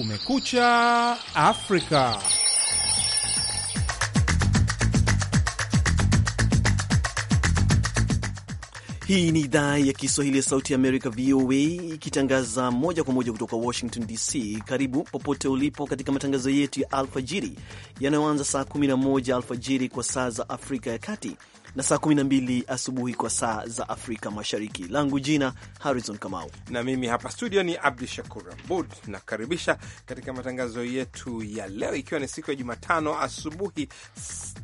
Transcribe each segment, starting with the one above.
Kumekucha Afrika. Hii ni idhaa ya Kiswahili ya Sauti ya Amerika, VOA, ikitangaza moja kwa moja kutoka Washington DC. Karibu popote ulipo katika matangazo yetu ya alfajiri yanayoanza saa 11 alfajiri kwa saa za Afrika ya Kati na saa 12 asubuhi kwa saa za Afrika Mashariki. Langu jina Harrison Kamau, na mimi hapa studio ni Abdu Shakur Abud, nakaribisha katika matangazo yetu ya leo, ikiwa ni siku ya Jumatano asubuhi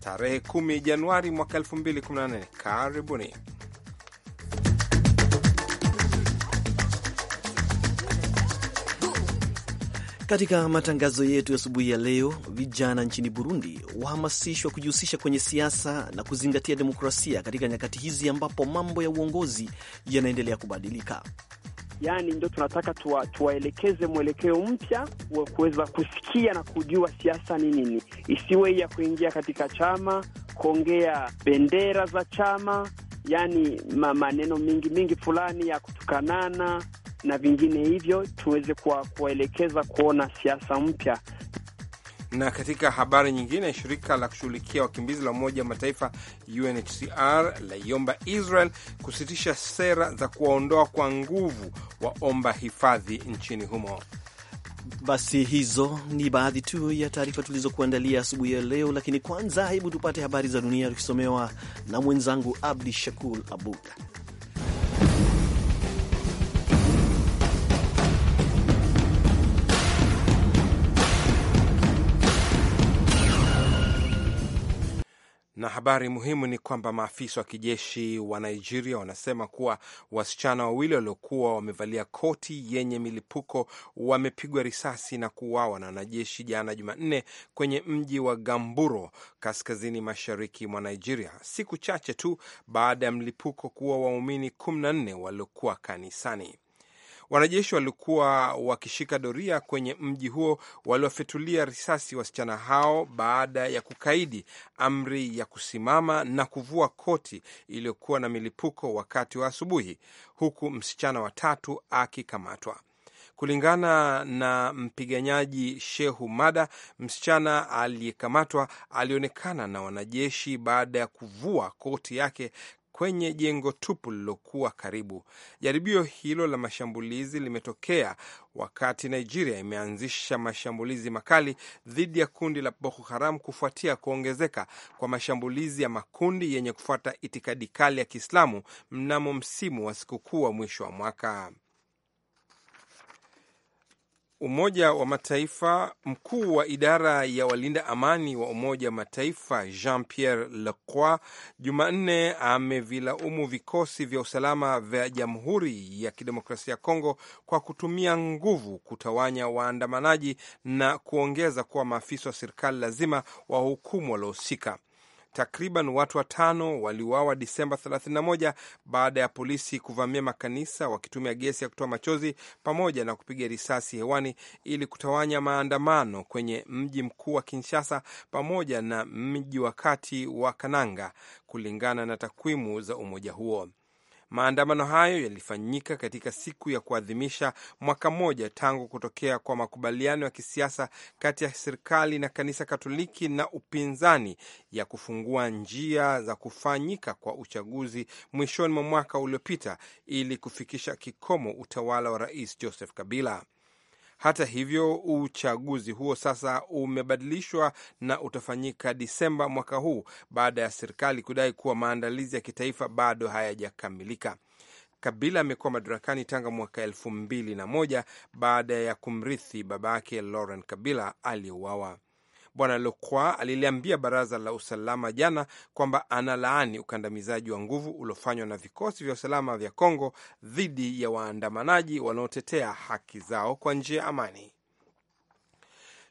tarehe 10 Januari mwaka 2018. Karibuni. Katika matangazo yetu ya asubuhi ya leo, vijana nchini Burundi wahamasishwa kujihusisha kwenye siasa na kuzingatia demokrasia katika nyakati hizi ambapo mambo ya uongozi yanaendelea kubadilika. Yaani ndio tunataka tuwa, tuwaelekeze mwelekeo mpya wa kuweza kusikia na kujua siasa ni nini, isiwe ya kuingia katika chama, kuongea bendera za chama, yaani maneno mingi mingi fulani ya kutukanana na vingine hivyo, tuweze kuwaelekeza kuona siasa mpya. Na katika habari nyingine, shirika la kushughulikia wakimbizi la Umoja wa Mataifa UNHCR laiomba Israel kusitisha sera za kuwaondoa kwa nguvu waomba hifadhi nchini humo. Basi hizo ni baadhi tu ya taarifa tulizokuandalia asubuhi ya leo, lakini kwanza, hebu tupate habari za dunia tukisomewa na mwenzangu Abdi Shakur abuda Na habari muhimu ni kwamba maafisa wa kijeshi wa Nigeria wanasema kuwa wasichana wawili waliokuwa wamevalia koti yenye milipuko wamepigwa risasi na kuuawa na wanajeshi jana Jumanne kwenye mji wa Gamburo kaskazini mashariki mwa Nigeria, siku chache tu baada ya mlipuko kuwa waumini 14 waliokuwa kanisani. Wanajeshi walikuwa wakishika doria kwenye mji huo, waliwafyatulia risasi wasichana hao baada ya kukaidi amri ya kusimama na kuvua koti iliyokuwa na milipuko wakati wa asubuhi, huku msichana watatu akikamatwa. Kulingana na mpiganyaji Shehu Mada, msichana aliyekamatwa alionekana na wanajeshi baada ya kuvua koti yake kwenye jengo tupu lililokuwa karibu. Jaribio hilo la mashambulizi limetokea wakati Nigeria imeanzisha mashambulizi makali dhidi ya kundi la Boko Haram kufuatia kuongezeka kwa mashambulizi ya makundi yenye kufuata itikadi kali ya Kiislamu mnamo msimu wa sikukuu wa mwisho wa mwaka. Umoja wa Mataifa, mkuu wa idara ya walinda amani wa Umoja wa Mataifa Jean Pierre Lacroix Jumanne amevilaumu vikosi vya usalama vya Jamhuri ya Kidemokrasia ya Kongo kwa kutumia nguvu kutawanya waandamanaji na kuongeza kuwa maafisa wa serikali lazima wahukumu waliohusika. Takriban watu watano waliuawa Disemba 31 baada ya polisi kuvamia makanisa wakitumia gesi ya kutoa machozi pamoja na kupiga risasi hewani ili kutawanya maandamano kwenye mji mkuu wa Kinshasa pamoja na mji wa kati wa Kananga, kulingana na takwimu za umoja huo. Maandamano hayo yalifanyika katika siku ya kuadhimisha mwaka mmoja tangu kutokea kwa makubaliano ya kisiasa kati ya serikali na kanisa Katoliki na upinzani ya kufungua njia za kufanyika kwa uchaguzi mwishoni mwa mwaka uliopita ili kufikisha kikomo utawala wa Rais Joseph Kabila. Hata hivyo, uchaguzi huo sasa umebadilishwa na utafanyika Disemba mwaka huu baada ya serikali kudai kuwa maandalizi ya kitaifa bado hayajakamilika. Kabila amekuwa madarakani tangu mwaka elfu mbili na moja baada ya kumrithi baba yake Laurent Kabila aliyeuawa. Bwana Lokwa aliliambia baraza la usalama jana kwamba analaani ukandamizaji wa nguvu uliofanywa na vikosi vya usalama vya Kongo dhidi ya waandamanaji wanaotetea haki zao kwa njia ya amani.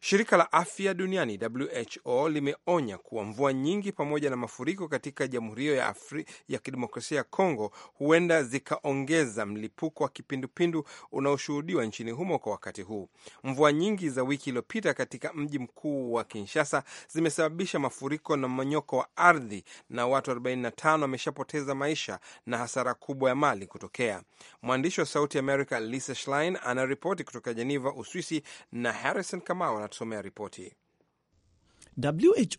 Shirika la afya duniani WHO limeonya kuwa mvua nyingi pamoja na mafuriko katika Jamhuri ya ya Kidemokrasia ya Kongo huenda zikaongeza mlipuko wa kipindupindu unaoshuhudiwa nchini humo kwa wakati huu. Mvua nyingi za wiki iliyopita katika mji mkuu wa Kinshasa zimesababisha mafuriko na mmonyoko wa ardhi, na watu 45 wameshapoteza maisha na hasara kubwa ya mali kutokea. Mwandishi wa Sauti America Lisa Schlein anaripoti kutoka Jeneva, Uswisi, na Harrison Kamau anatusomea ripoti.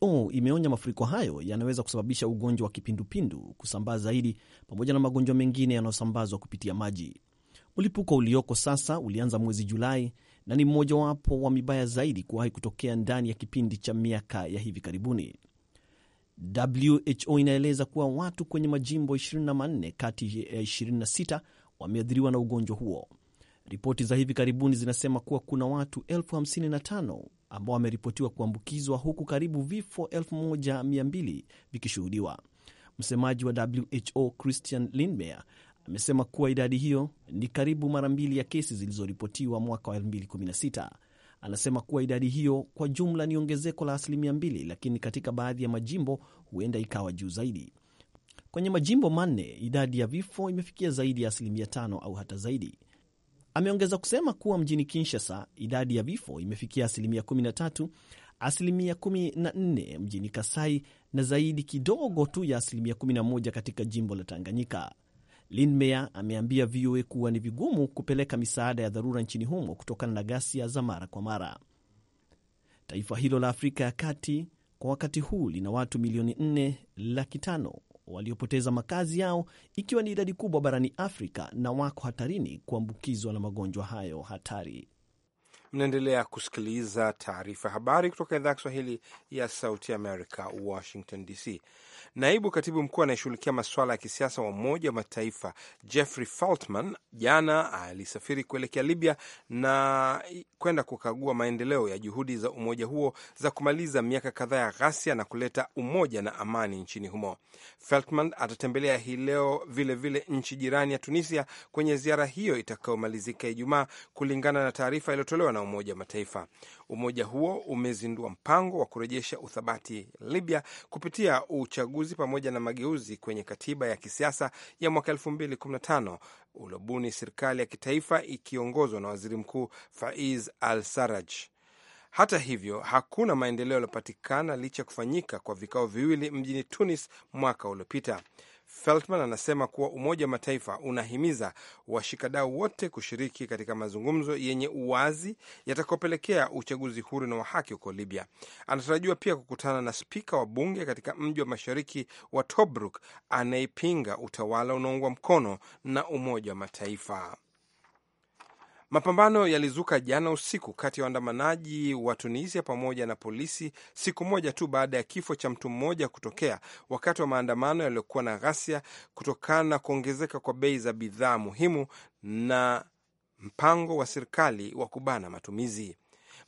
WHO imeonya mafuriko hayo yanaweza kusababisha ugonjwa wa kipindupindu kusambaa zaidi, pamoja na magonjwa mengine yanayosambazwa kupitia maji. Mlipuko ulioko sasa ulianza mwezi Julai na ni mmojawapo wa mibaya zaidi kuwahi kutokea ndani ya kipindi cha miaka ya hivi karibuni. WHO inaeleza kuwa watu kwenye majimbo 24 kati ya 26 wameathiriwa na ugonjwa huo. Ripoti za hivi karibuni zinasema kuwa kuna watu elfu 55 ambao wameripotiwa kuambukizwa huku karibu vifo 1200 vikishuhudiwa. Msemaji wa WHO Christian Lindmeier amesema kuwa idadi hiyo ni karibu mara mbili ya kesi zilizoripotiwa mwaka wa 2016. Anasema kuwa idadi hiyo kwa jumla ni ongezeko la asilimia mbili, lakini katika baadhi ya majimbo huenda ikawa juu zaidi. Kwenye majimbo manne idadi ya vifo imefikia zaidi ya asilimia tano au hata zaidi. Ameongeza kusema kuwa mjini Kinshasa idadi ya vifo imefikia asilimia 13, asilimia 14 mjini Kasai na zaidi kidogo tu ya asilimia 11 katika jimbo la Tanganyika. Linmeyer ameambia VOA kuwa ni vigumu kupeleka misaada ya dharura nchini humo kutokana na ghasia za mara kwa mara. Taifa hilo la Afrika ya Kati kwa wakati huu lina watu milioni 4 laki 5 waliopoteza makazi yao, ikiwa ni idadi kubwa barani Afrika na wako hatarini kuambukizwa na magonjwa hayo hatari. Mnaendelea kusikiliza taarifa habari kutoka idhaa ya Kiswahili ya Sauti Amerika, Washington DC. Naibu katibu mkuu anayeshughulikia masuala ya kisiasa wa Umoja wa Mataifa Jeffrey Feltman jana alisafiri kuelekea Libya na kwenda kukagua maendeleo ya juhudi za umoja huo za kumaliza miaka kadhaa ya ghasia na kuleta umoja na amani nchini humo. Feltman atatembelea hii leo vilevile nchi jirani ya Tunisia kwenye ziara hiyo itakayomalizika Ijumaa kulingana na taarifa iliyotolewa na Umoja wa Mataifa. Umoja huo umezindua mpango wa kurejesha uthabati Libya kupitia uchaguzi pamoja na mageuzi kwenye katiba ya kisiasa ya mwaka tano uliobuni serikali ya kitaifa ikiongozwa na waziri mkuu Faiz al saraj Hata hivyo hakuna maendeleo yaliyopatikana licha ya kufanyika kwa vikao viwili mjini Tunis mwaka uliopita. Feltman anasema kuwa Umoja wa Mataifa unahimiza washikadau wote kushiriki katika mazungumzo yenye uwazi yatakayopelekea uchaguzi huru na wa haki huko Libya. Anatarajiwa pia kukutana na spika wa bunge katika mji wa mashariki wa Tobruk anayepinga utawala unaoungwa mkono na Umoja wa Mataifa. Mapambano yalizuka jana usiku kati ya waandamanaji wa Tunisia pamoja na polisi, siku moja tu baada ya kifo cha mtu mmoja kutokea wakati wa maandamano yaliyokuwa na ghasia kutokana na kuongezeka kwa bei za bidhaa muhimu na mpango wa serikali wa kubana matumizi.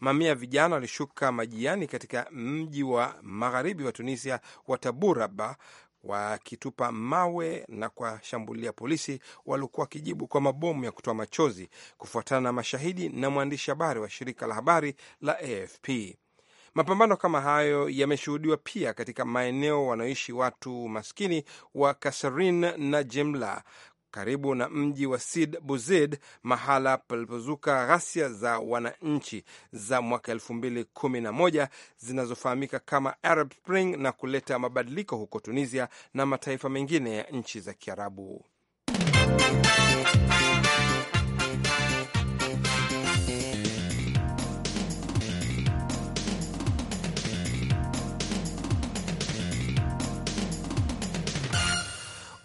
Mamia ya vijana walishuka majiani katika mji wa magharibi wa Tunisia wa Taburaba wakitupa mawe na kuwashambulia polisi waliokuwa wakijibu kwa mabomu ya kutoa machozi, kufuatana na mashahidi na mwandishi habari wa shirika la habari la AFP. Mapambano kama hayo yameshuhudiwa pia katika maeneo wanaoishi watu maskini wa Kaserin na Jemla karibu na mji wa Sid Buzid, mahala palipozuka ghasia za wananchi za mwaka elfu mbili kumi na moja zinazofahamika kama Arab Spring na kuleta mabadiliko huko Tunisia na mataifa mengine ya nchi za Kiarabu.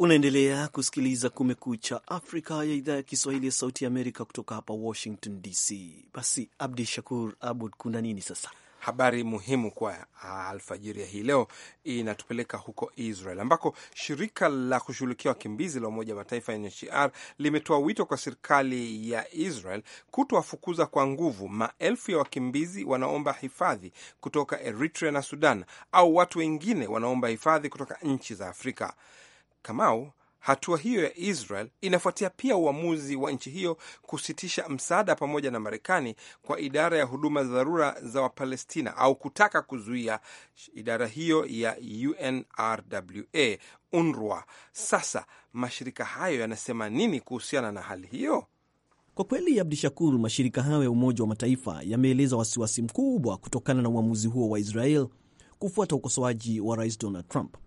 Unaendelea kusikiliza Kumekucha Afrika ya idhaa ya Kiswahili ya Sauti ya Amerika kutoka hapa Washington DC. Basi Abdi Shakur Abud, kuna nini sasa? Habari muhimu kwa alfajiri ya hii leo inatupeleka huko Israel ambako shirika la kushughulikia wakimbizi la Umoja wa Mataifa UNHCR limetoa wito kwa serikali ya Israel kutowafukuza kwa nguvu maelfu ya wakimbizi wanaomba hifadhi kutoka Eritrea na Sudan au watu wengine wanaomba hifadhi kutoka nchi za Afrika. Kamau, hatua hiyo ya Israel inafuatia pia uamuzi wa nchi hiyo kusitisha msaada pamoja na Marekani kwa idara ya huduma za dharura za Wapalestina au kutaka kuzuia idara hiyo ya UNRWA UNRWA. Sasa mashirika hayo yanasema nini kuhusiana na hali hiyo? Kwa kweli, Abdi Shakur, mashirika hayo ya Umoja wa Mataifa yameeleza wasiwasi mkubwa kutokana na uamuzi huo wa Israel kufuata ukosoaji wa Rais Donald Trump.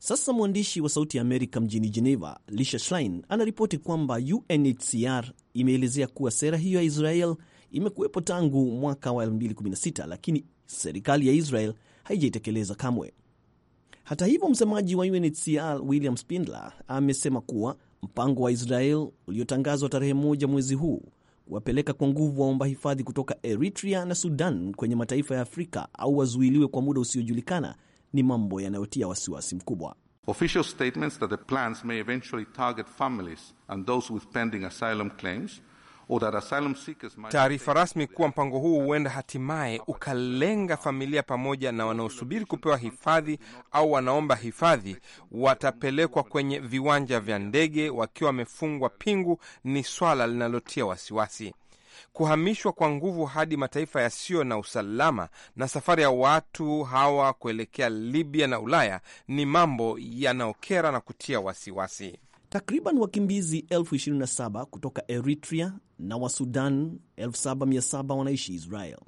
Sasa mwandishi wa Sauti ya Amerika mjini Geneva, Lisha Schlein, anaripoti kwamba UNHCR imeelezea kuwa sera hiyo ya Israel imekuwepo tangu mwaka wa 2016 lakini serikali ya Israel haijaitekeleza kamwe. Hata hivyo, msemaji wa UNHCR William Spindler amesema kuwa mpango wa Israel uliotangazwa tarehe moja mwezi huu kuwapeleka kwa nguvu waomba hifadhi kutoka Eritrea na Sudan kwenye mataifa ya Afrika au wazuiliwe kwa muda usiojulikana ni mambo yanayotia wasiwasi mkubwa. Official statements that the plans may eventually target families and those with pending asylum claims Taarifa rasmi kuwa mpango huu huenda hatimaye ukalenga familia pamoja na wanaosubiri kupewa hifadhi au wanaomba hifadhi, watapelekwa kwenye viwanja vya ndege wakiwa wamefungwa pingu, ni swala linalotia wasiwasi kuhamishwa kwa nguvu hadi mataifa yasiyo na usalama na safari ya watu hawa kuelekea Libya na Ulaya ni mambo yanayokera na kutia wasiwasi wasi. Takriban wakimbizi 27 kutoka Eritrea na Wasudan 77 wanaishi Israel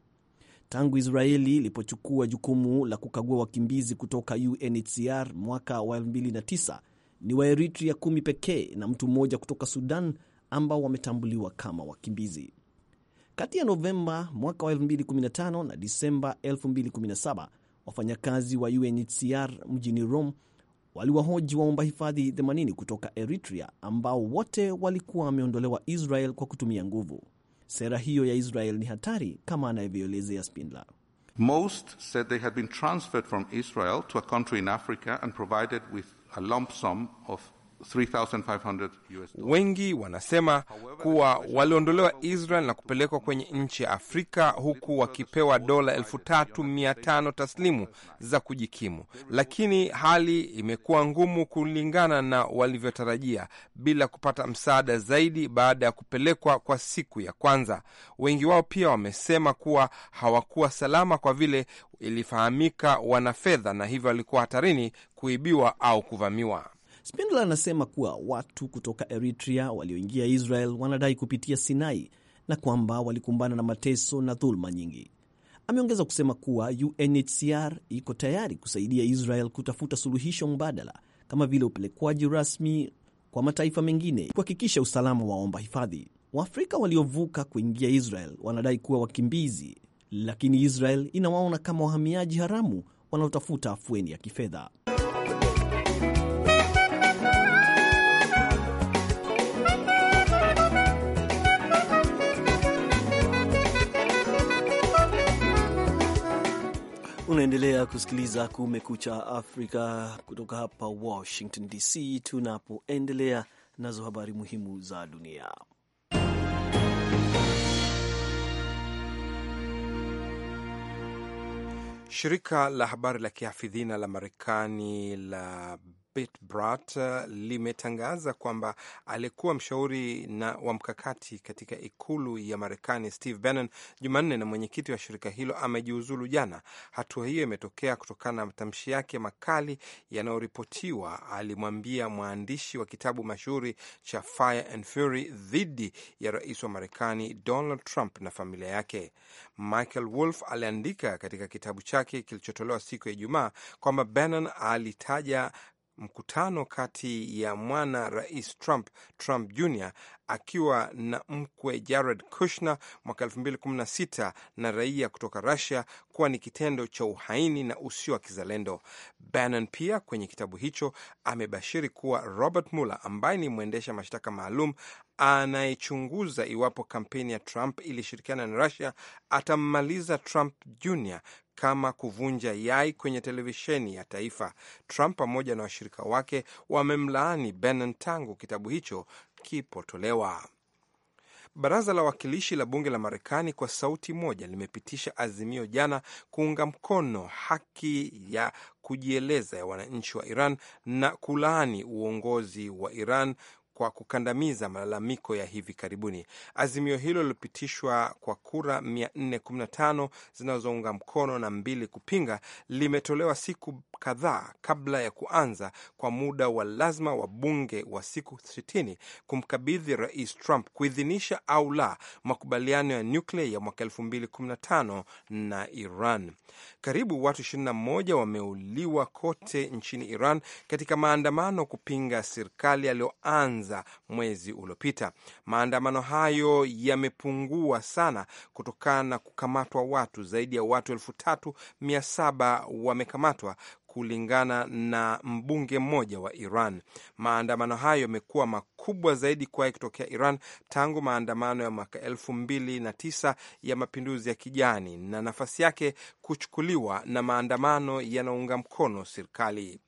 tangu Israeli ilipochukua jukumu la kukagua wakimbizi kutoka UNHCR mwaka wa 2009 ni Waeritria kumi pekee na mtu mmoja kutoka Sudan ambao wametambuliwa kama wakimbizi. Kati ya Novemba mwaka wa 2015 na Disemba 2017, wafanyakazi wa UNHCR mjini Rome waliwahoji waomba hifadhi 80 kutoka Eritrea ambao wote walikuwa wameondolewa Israel kwa kutumia nguvu. Sera hiyo ya Israel ni hatari kama anavyoelezea Spindler. Most said they had been transferred from Israel to a country in Africa and provided with a lump sum of 3,500 Wengi wanasema kuwa waliondolewa Israel na kupelekwa kwenye nchi ya Afrika huku wakipewa dola 3,500 taslimu za kujikimu, lakini hali imekuwa ngumu kulingana na walivyotarajia, bila kupata msaada zaidi baada ya kupelekwa kwa siku ya kwanza. Wengi wao pia wamesema kuwa hawakuwa salama kwa vile ilifahamika wana fedha na hivyo walikuwa hatarini kuibiwa au kuvamiwa. Spindler anasema kuwa watu kutoka Eritrea walioingia Israel wanadai kupitia Sinai na kwamba walikumbana na mateso na dhuluma nyingi. Ameongeza kusema kuwa UNHCR iko tayari kusaidia Israel kutafuta suluhisho mbadala kama vile upelekwaji rasmi kwa mataifa mengine kuhakikisha usalama wa waomba hifadhi. Waafrika waliovuka kuingia Israel wanadai kuwa wakimbizi, lakini Israel inawaona kama wahamiaji haramu wanaotafuta afueni ya kifedha. Unaendelea kusikiliza Kumekucha Afrika kutoka hapa Washington DC, tunapoendelea nazo habari muhimu za dunia. Shirika la habari la kihafidhina la Marekani la Brat eh, limetangaza kwamba aliyekuwa mshauri na wa mkakati katika ikulu ya Marekani Steve Bannon Jumanne na mwenyekiti wa shirika hilo amejiuzulu jana. Hatua hiyo imetokea kutokana na matamshi yake makali yanayoripotiwa alimwambia mwandishi wa kitabu mashuhuri cha Fire and Fury dhidi ya rais wa Marekani Donald Trump na familia yake. Michael Wolf aliandika katika kitabu chake kilichotolewa siku ya Ijumaa kwamba Bannon alitaja mkutano kati ya mwana rais Trump, Trump Jr akiwa na mkwe Jared Kushner mwaka 2016 na raia kutoka Russia kuwa ni kitendo cha uhaini na usio wa kizalendo. Bannon pia kwenye kitabu hicho amebashiri kuwa Robert Mueller ambaye ni mwendesha mashtaka maalum anayechunguza iwapo kampeni ya Trump ilishirikiana na Rusia atammaliza Trump Jr kama kuvunja yai kwenye televisheni ya taifa. Trump pamoja na washirika wake wamemlaani Bannon tangu kitabu hicho kipotolewa. Baraza la Wawakilishi la bunge la Marekani kwa sauti moja limepitisha azimio jana kuunga mkono haki ya kujieleza ya wananchi wa Iran na kulaani uongozi wa Iran kwa kukandamiza malalamiko ya hivi karibuni. Azimio hilo lilopitishwa kwa kura 415 zinazounga mkono na mbili kupinga limetolewa siku kadhaa kabla ya kuanza kwa muda wa lazima wa bunge wa siku 60 kumkabidhi Rais Trump kuidhinisha au la makubaliano ya nyuklia ya mwaka 2015 na Iran. Karibu watu 21 wameuliwa kote nchini Iran katika maandamano kupinga serikali yaliyoanza mwezi uliopita. Maandamano hayo yamepungua sana kutokana na kukamatwa watu zaidi ya watu 37 wamekamatwa kulingana na mbunge mmoja wa Iran. Maandamano hayo yamekuwa makubwa zaidi kuwahi kutokea Iran tangu maandamano ya mwaka elfu mbili na tisa ya mapinduzi ya kijani, na nafasi yake kuchukuliwa na maandamano yanaunga mkono serikali.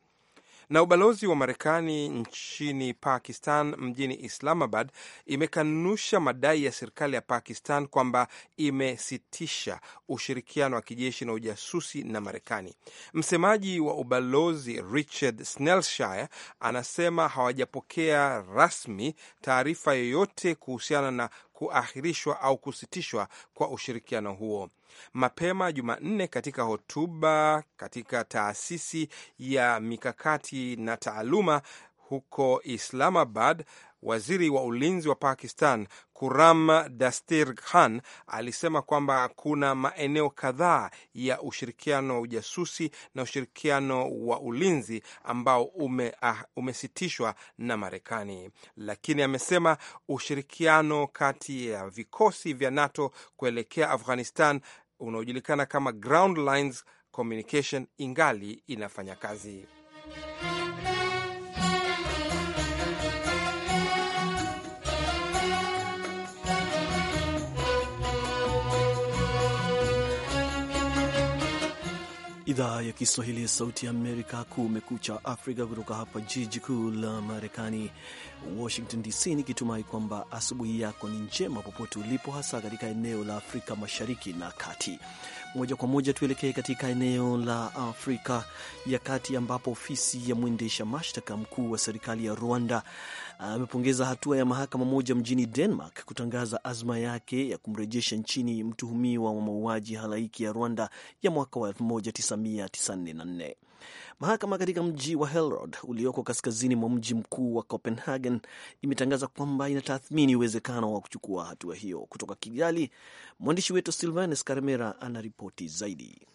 Na ubalozi wa Marekani nchini Pakistan mjini Islamabad imekanusha madai ya serikali ya Pakistan kwamba imesitisha ushirikiano wa kijeshi na ujasusi na Marekani. Msemaji wa ubalozi Richard Snellshire anasema hawajapokea rasmi taarifa yoyote kuhusiana na kuahirishwa au kusitishwa kwa ushirikiano huo. Mapema Jumanne, katika hotuba katika taasisi ya mikakati na taaluma huko Islamabad, Waziri wa ulinzi wa Pakistan Kuram Dastir Khan alisema kwamba kuna maeneo kadhaa ya ushirikiano wa ujasusi na ushirikiano wa ulinzi ambao ume, ah, umesitishwa na Marekani, lakini amesema ushirikiano kati ya vikosi vya NATO kuelekea Afghanistan unaojulikana kama Ground Lines Communication ingali inafanya kazi. Idhaa ya Kiswahili ya Sauti ya Amerika, Kumekucha Afrika, kutoka hapa jiji kuu la Marekani. Washington DC, nikitumai kwamba asubuhi yako ni njema popote ulipo, hasa katika eneo la Afrika Mashariki na Kati. Moja kwa moja tuelekee katika eneo la Afrika ya Kati, ambapo ofisi ya mwendesha mashtaka mkuu wa serikali ya Rwanda amepongeza hatua ya mahakama moja mjini Denmark kutangaza azma yake ya kumrejesha nchini mtuhumiwa wa mauaji halaiki ya Rwanda ya mwaka wa 1994. Mahakama katika mji wa Helrod ulioko kaskazini mwa mji mkuu wa Copenhagen imetangaza kwamba inatathmini uwezekano wa kuchukua hatua hiyo. Kutoka Kigali, mwandishi wetu Silvanes Karmera ripoti zaidi.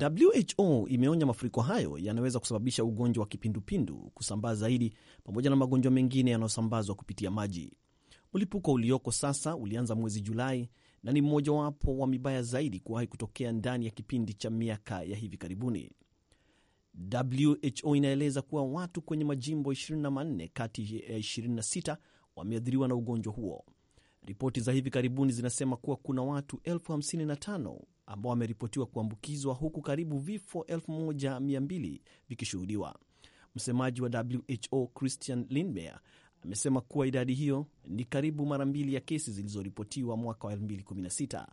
WHO imeonya mafuriko hayo yanaweza kusababisha ugonjwa wa kipindupindu kusambaa zaidi, pamoja na magonjwa mengine yanayosambazwa kupitia maji. Mlipuko ulioko sasa ulianza mwezi Julai na ni mmojawapo wa mibaya zaidi kuwahi kutokea ndani ya kipindi cha miaka ya hivi karibuni. WHO inaeleza kuwa watu kwenye majimbo 24 kati ya 26 wameathiriwa na ugonjwa huo. Ripoti za hivi karibuni zinasema kuwa kuna watu 55 ambao wameripotiwa kuambukizwa huku karibu vifo 1200 vikishuhudiwa. Msemaji wa WHO Christian Lindmeier amesema kuwa idadi hiyo ni karibu mara mbili ya kesi zilizoripotiwa mwaka wa 2016.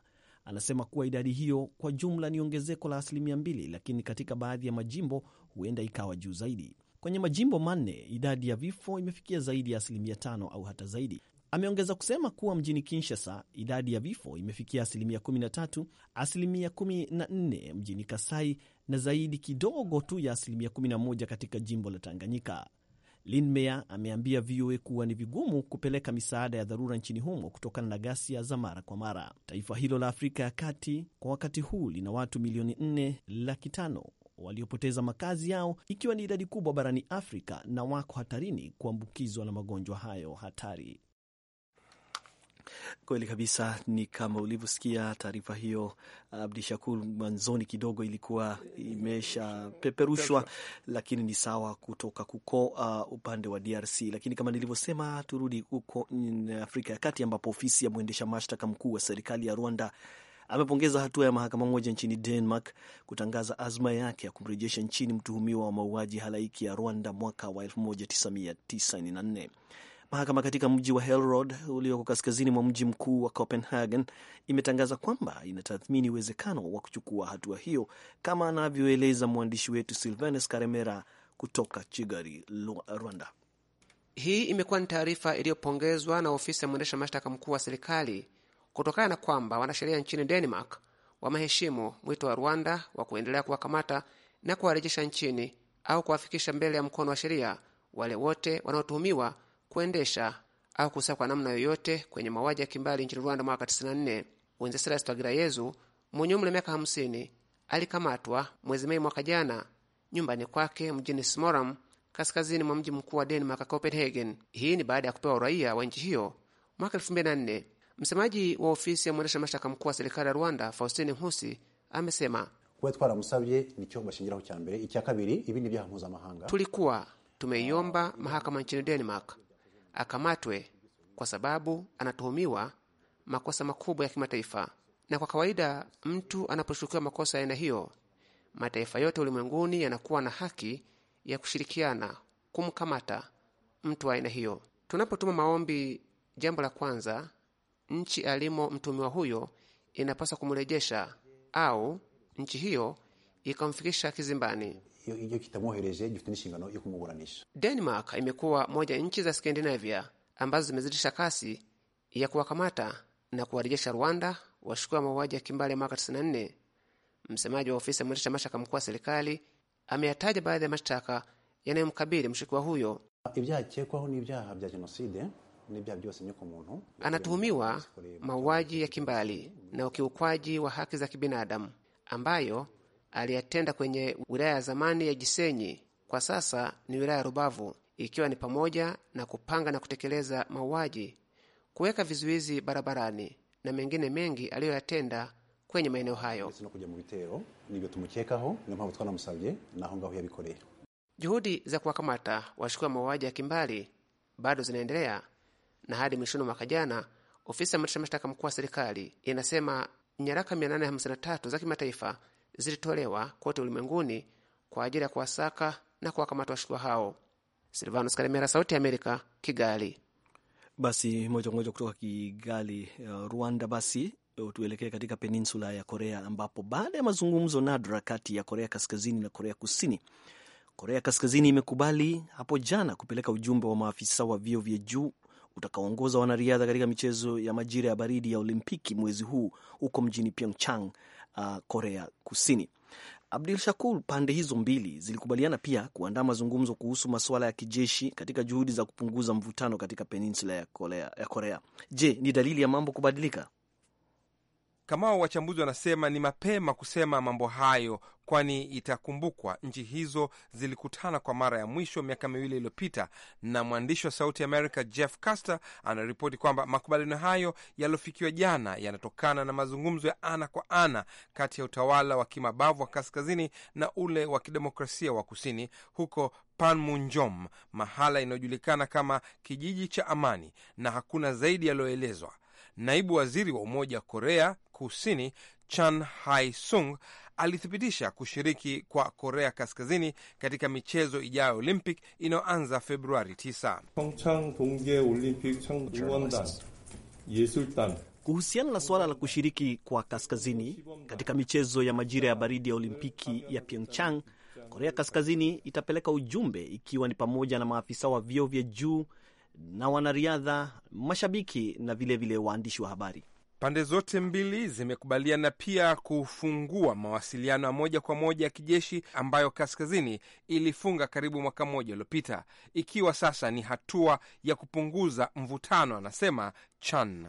Anasema kuwa idadi hiyo kwa jumla ni ongezeko la asilimia mbili, lakini katika baadhi ya majimbo huenda ikawa juu zaidi. Kwenye majimbo manne idadi ya vifo imefikia zaidi ya asilimia tano au hata zaidi. Ameongeza kusema kuwa mjini Kinshasa idadi ya vifo imefikia asilimia 13, asilimia 14 mjini Kasai na zaidi kidogo tu ya asilimia 11 katika jimbo la Tanganyika. Linmeyer ameambia VOA kuwa ni vigumu kupeleka misaada ya dharura nchini humo kutokana na ghasia za mara kwa mara. Taifa hilo la Afrika ya Kati kwa wakati huu lina watu milioni nne laki tano waliopoteza makazi yao ikiwa ni idadi kubwa barani Afrika na wako hatarini kuambukizwa na magonjwa hayo hatari. Kweli kabisa, ni kama ulivyosikia taarifa hiyo, uh, Abdi Shakur, mwanzoni kidogo ilikuwa imeshapeperushwa, lakini ni sawa kutoka kuko uh, upande wa DRC. Lakini kama nilivyosema, turudi huko Afrika ya Kati, ambapo ofisi ya mwendesha mashtaka mkuu wa serikali ya Rwanda amepongeza hatua ya mahakama moja nchini Denmark kutangaza azma yake ya kumrejesha nchini mtuhumiwa wa mauaji halaiki ya Rwanda mwaka wa 1994. Mahakama katika mji wa Helrod ulioko kaskazini mwa mji mkuu wa Copenhagen imetangaza kwamba inatathmini uwezekano wa kuchukua hatua hiyo, kama anavyoeleza mwandishi wetu Silvanus Karemera kutoka Kigali, Rwanda. Hii imekuwa ni taarifa iliyopongezwa na ofisi ya mwendesha mashtaka mkuu wa serikali kutokana na kwamba wanasheria nchini Denmark wameheshimu mwito wa Rwanda wa kuendelea kuwakamata na kuwarejesha nchini au kuwafikisha mbele ya mkono wa sheria wale wote wanaotuhumiwa kuendesha au kuhusika kwa namna yoyote kwenye mauaji ya kimbali nchini Rwanda mwaka 94. Wenzeslasi Twagirayezu mwenye umri wa miaka 50 alikamatwa mwezi Mei mwaka jana nyumbani kwake mjini Smoram, kaskazini mwa mji mkuu wa Denmark, Copenhagen. Hii ni baada ya kupewa uraia wa nchi hiyo mwaka 2004. Msemaji wa ofisi ya mwendesha mashtaka mkuu wa serikali ya Rwanda, Faustini Nkusi, amesema tulikuwa tumeiomba mahakama nchini Denmark akamatwe kwa sababu anatuhumiwa makosa makubwa ya kimataifa. Na kwa kawaida mtu anaposhukiwa makosa ya aina hiyo, mataifa yote ulimwenguni yanakuwa na haki ya kushirikiana kumkamata mtu wa aina hiyo. Tunapotuma maombi, jambo la kwanza, nchi alimo mtumiwa huyo inapaswa kumrejesha au nchi hiyo ikamfikisha kizimbani iyo kitamwohereze gifite n'inshingano yo kumuburanisha. Denmark imekuwa moja ya nchi za Skandinavia ambazo zimezidisha kasi ya kuwakamata na kuwarejesha Rwanda washukiwa mauaji ya kimbali ya mwaka 94. Msemaji wa ofisi ya mwendesha mashtaka mkuu wa serikali ameyataja baadhi ya mashtaka yanayomkabili mshukiwa huyo. Ibyaha ni ibyaha vya jenoside Anatuhumiwa mauaji ya kimbali na ukiukwaji wa haki za kibinadamu ambayo aliyatenda kwenye wilaya ya zamani ya Gisenyi, kwa sasa ni wilaya ya Rubavu, ikiwa ni pamoja na kupanga na kutekeleza mauaji, kuweka vizuizi barabarani na mengine mengi aliyoyatenda kwenye maeneo hayo. Juhudi za kuwakamata washukiwa mauaji ya kimbali bado zinaendelea na hadi mwishoni mwaka jana, ofisi ya mwendesha mashtaka mkuu wa serikali inasema nyaraka 853 za kimataifa zilitolewa kote ulimwenguni kwa ajili ya kuwasaka na kuwakamata washukiwa hao. Silvanus Karemera, Sauti ya Amerika, Kigali. Basi moja kwa moja kutoka Kigali, uh, Rwanda. Basi uh, tuelekee katika peninsula ya Korea ambapo baada ya mazungumzo nadra kati ya Korea Kaskazini na Korea Kusini, Korea Kaskazini imekubali hapo jana kupeleka ujumbe wa maafisa wa vio vya juu utakaoongoza wanariadha katika michezo ya majira ya baridi ya Olimpiki mwezi huu huko mjini Pyeongchang uh, Korea Kusini. Abdul Shakur, pande hizo mbili zilikubaliana pia kuandaa mazungumzo kuhusu masuala ya kijeshi katika juhudi za kupunguza mvutano katika peninsula ya Korea, ya Korea. Je, ni dalili ya mambo kubadilika? Kamao wachambuzi wanasema ni mapema kusema mambo hayo, kwani itakumbukwa nchi hizo zilikutana kwa mara ya mwisho miaka miwili iliyopita. Na mwandishi wa Sauti America Jeff Caster anaripoti kwamba makubaliano hayo yaliyofikiwa jana yanatokana na mazungumzo ya ana kwa ana kati ya utawala wa kimabavu wa kaskazini na ule wa kidemokrasia wa kusini huko Panmunjom, mahala inayojulikana kama kijiji cha amani, na hakuna zaidi yaliyoelezwa naibu waziri wa Umoja Korea Kusini Chan Hai-sung alithibitisha kushiriki kwa Korea Kaskazini katika michezo ijayo Olympic inayoanza Februari 9. Kuhusiana na suala la kushiriki kwa Kaskazini katika michezo ya majira ya baridi ya Olimpiki ya Pyeongchang, Korea Kaskazini itapeleka ujumbe, ikiwa ni pamoja na maafisa wa vyeo vya juu na wanariadha, mashabiki na vilevile waandishi wa habari. Pande zote mbili zimekubaliana pia kufungua mawasiliano ya moja kwa moja ya kijeshi ambayo kaskazini ilifunga karibu mwaka mmoja uliopita, ikiwa sasa ni hatua ya kupunguza mvutano, anasema Chan.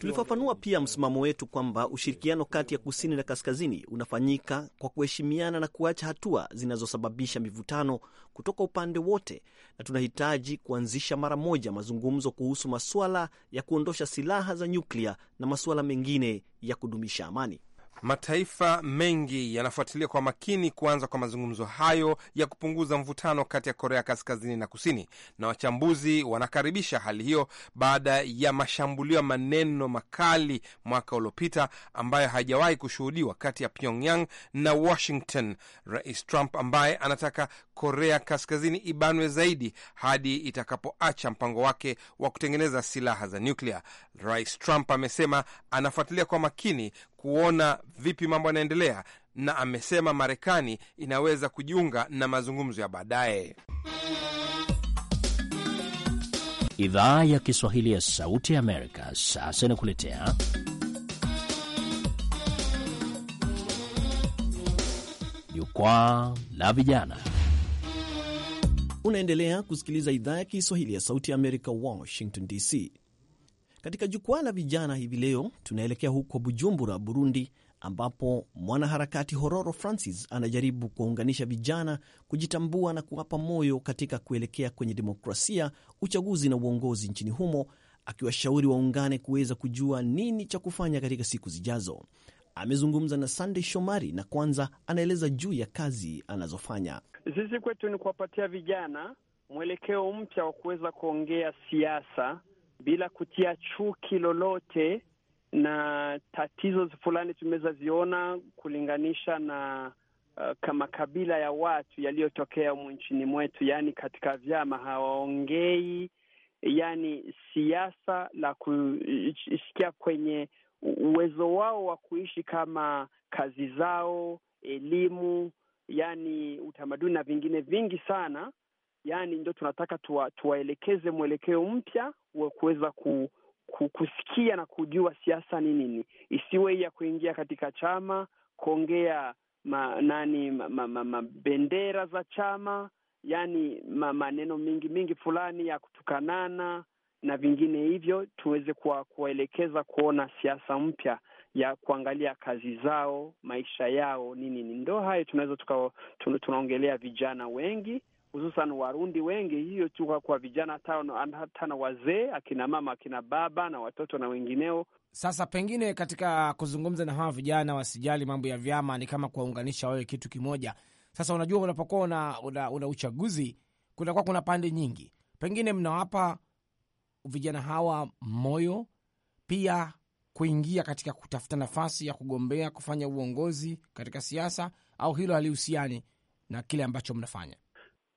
Tulifafanua pia msimamo wetu kwamba ushirikiano kati ya kusini na kaskazini unafanyika kwa kuheshimiana na kuacha hatua zinazosababisha mivutano kutoka upande wote, na tunahitaji kuanzisha mara moja mazungumzo kuhusu masuala ya kuondosha silaha za nyuklia na masuala mengine ya kudumisha amani. Mataifa mengi yanafuatilia kwa makini kuanza kwa mazungumzo hayo ya kupunguza mvutano kati ya Korea kaskazini na kusini, na wachambuzi wanakaribisha hali hiyo baada ya mashambulio ya maneno makali mwaka uliopita ambayo hayajawahi kushuhudiwa kati ya Pyongyang na Washington. Rais Trump ambaye anataka Korea kaskazini ibanwe zaidi hadi itakapoacha mpango wake wa kutengeneza silaha za nyuklia. Rais Trump amesema anafuatilia kwa makini kuona vipi mambo yanaendelea, na amesema Marekani inaweza kujiunga na mazungumzo ya baadaye. Idhaa ya Kiswahili ya Sauti ya Amerika sasa inakuletea Jukwaa la Vijana. Unaendelea kusikiliza idhaa ya Kiswahili ya Sauti ya Amerika, Washington DC. Katika jukwaa la vijana hivi leo, tunaelekea huko Bujumbura, Burundi, ambapo mwanaharakati Hororo Francis anajaribu kuwaunganisha vijana kujitambua na kuwapa moyo katika kuelekea kwenye demokrasia, uchaguzi na uongozi nchini humo, akiwashauri waungane kuweza kujua nini cha kufanya katika siku zijazo. Amezungumza na sandey Shomari na kwanza anaeleza juu ya kazi anazofanya. Sisi kwetu ni kuwapatia vijana mwelekeo mpya wa kuweza kuongea siasa bila kutia chuki lolote, na tatizo fulani tumezaziona kulinganisha na uh, kama kabila ya watu yaliyotokea humu nchini mwetu, yaani katika vyama hawaongei, yaani siasa la kusikia kwenye uwezo wao wa kuishi kama kazi zao, elimu, yaani utamaduni na vingine vingi sana yaani ndio tunataka tuwa, tuwaelekeze mwelekeo mpya wa kuweza ku, kusikia na kujua siasa ni nini, isiwe ya kuingia katika chama kuongea ma, nani mabendera ma, ma, ma, za chama yani maneno mingi mingi fulani ya kutukanana na vingine hivyo, tuweze kuwaelekeza kuona siasa mpya ya kuangalia kazi zao, maisha yao ni nini. Ndo hayo tunaweza tuka, tunaongelea vijana wengi hususan Warundi wengi, hiyo chuka kwa vijana hata na wazee, akina mama, akina baba na watoto na wengineo. Sasa pengine katika kuzungumza na hawa vijana wasijali mambo ya vyama, ni kama kuwaunganisha wawe kitu kimoja. Sasa unajua, unapokuwa una, una, una uchaguzi kunakuwa kuna pande nyingi, pengine mnawapa vijana hawa moyo pia kuingia katika kutafuta nafasi ya kugombea kufanya uongozi katika siasa, au hilo halihusiani na kile ambacho mnafanya?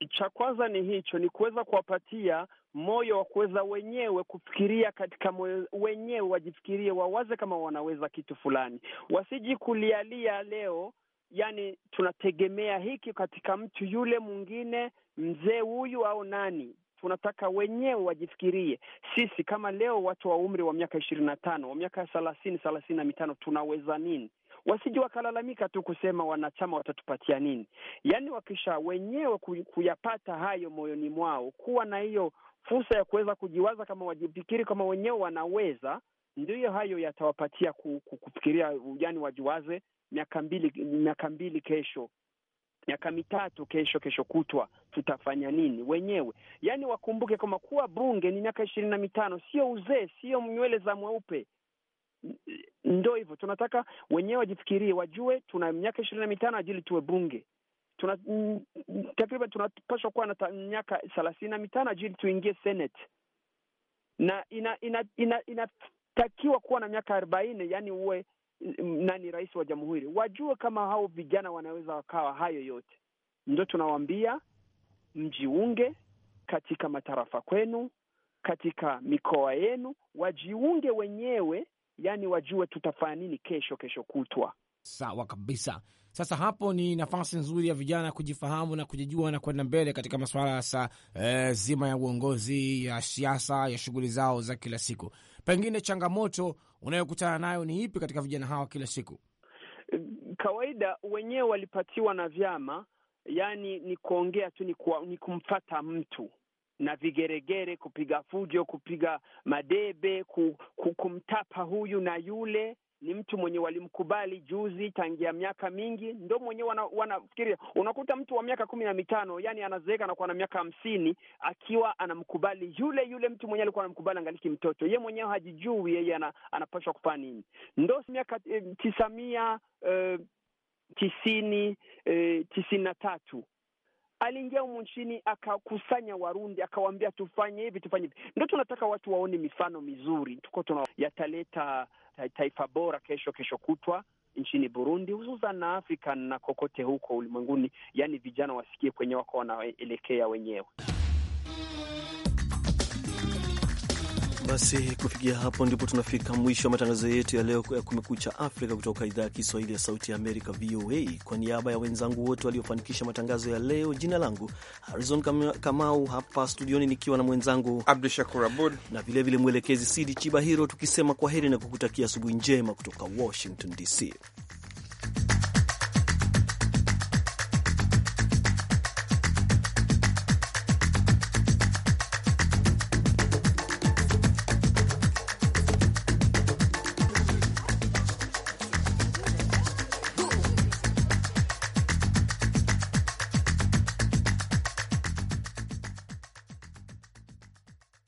cha kwanza ni hicho, ni kuweza kuwapatia moyo wa kuweza wenyewe kufikiria katika moyo wenyewe, wajifikirie, wawaze kama wanaweza kitu fulani, wasiji kulialia leo Yani, tunategemea hiki katika mtu yule mwingine, mzee huyu au nani. Tunataka wenyewe wajifikirie. Sisi kama leo watu wa umri wa miaka ishirini na tano wa miaka thelathini thelathini na mitano tunaweza nini? wasije wakalalamika tu kusema wanachama watatupatia nini. Yaani wakisha wenyewe kuyapata hayo moyoni mwao, kuwa na hiyo fursa ya kuweza kujiwaza kama wajifikiri kama wenyewe wanaweza, ndiyo hayo yatawapatia kufikiria, yaani wajiwaze miaka mbili, miaka mbili kesho miaka mitatu kesho, kesho kutwa tutafanya nini wenyewe. Yaani wakumbuke kama kuwa bunge ni miaka ishirini na mitano, sio uzee, sio nywele za mweupe ndo hivyo, tunataka wenyewe wajifikirie, wajue tuna miaka ishirini na mitano ajili tuwe bunge tuna mm, mm, takriban tunapaswa kuwa na miaka thelathini na mitano ajili tuingie Senate na inatakiwa ina, ina, ina kuwa na miaka arobaini yani uwe mm, nani rais wa jamhuri. Wajue kama hao vijana wanaweza wakawa hayo yote, ndo tunawaambia mjiunge katika matarafa kwenu, katika mikoa yenu, wajiunge wenyewe yani wajue tutafanya nini kesho, kesho kutwa. Sawa kabisa. Sasa hapo ni nafasi nzuri ya vijana kujifahamu na kujijua na kwenda mbele katika masuala sa e, eh, zima ya uongozi, ya siasa, ya shughuli zao za kila siku. Pengine changamoto unayokutana nayo ni ipi katika vijana hawa kila siku? Kawaida wenyewe walipatiwa na vyama, yani ni kuongea tu, ni kumfata mtu na vigeregere, kupiga fujo, kupiga madebe, kumtapa huyu na yule. Ni mtu mwenye walimkubali juzi, tangia miaka mingi, ndo mwenyewe wanafikiria. Unakuta mtu wa miaka kumi na mitano yani anazeeka na kuwa na miaka hamsini akiwa anamkubali yule yule mtu mwenyewe alikuwa anamkubali angaliki mtoto, ye mwenyewe hajijui yeye ana, anapashwa kufanya nini. Ndo miaka eh, tisamia eh, tisini eh, tisini na tatu aliingia humu nchini akakusanya Warundi akawaambia tufanye hivi tufanye hivi. Ndo tunataka watu waone mifano mizuri tuko tuna yataleta taifa bora kesho kesho kutwa nchini Burundi, hususan na Afrika na kokote huko ulimwenguni, yaani vijana wasikie kwenye wako wanaelekea wenyewe. Basi kufikia hapo ndipo tunafika mwisho wa matangazo yetu ya leo ya Kumekucha Afrika kutoka idhaa ya Kiswahili ya Sauti ya Amerika, VOA. Kwa niaba ya wenzangu wote waliofanikisha matangazo ya leo, jina langu Harizon Kamau, hapa studioni nikiwa na mwenzangu Abdu Shakur Abud na vilevile mwelekezi Sidi Chibahiro, tukisema kwa heri na kukutakia asubuhi njema kutoka Washington DC.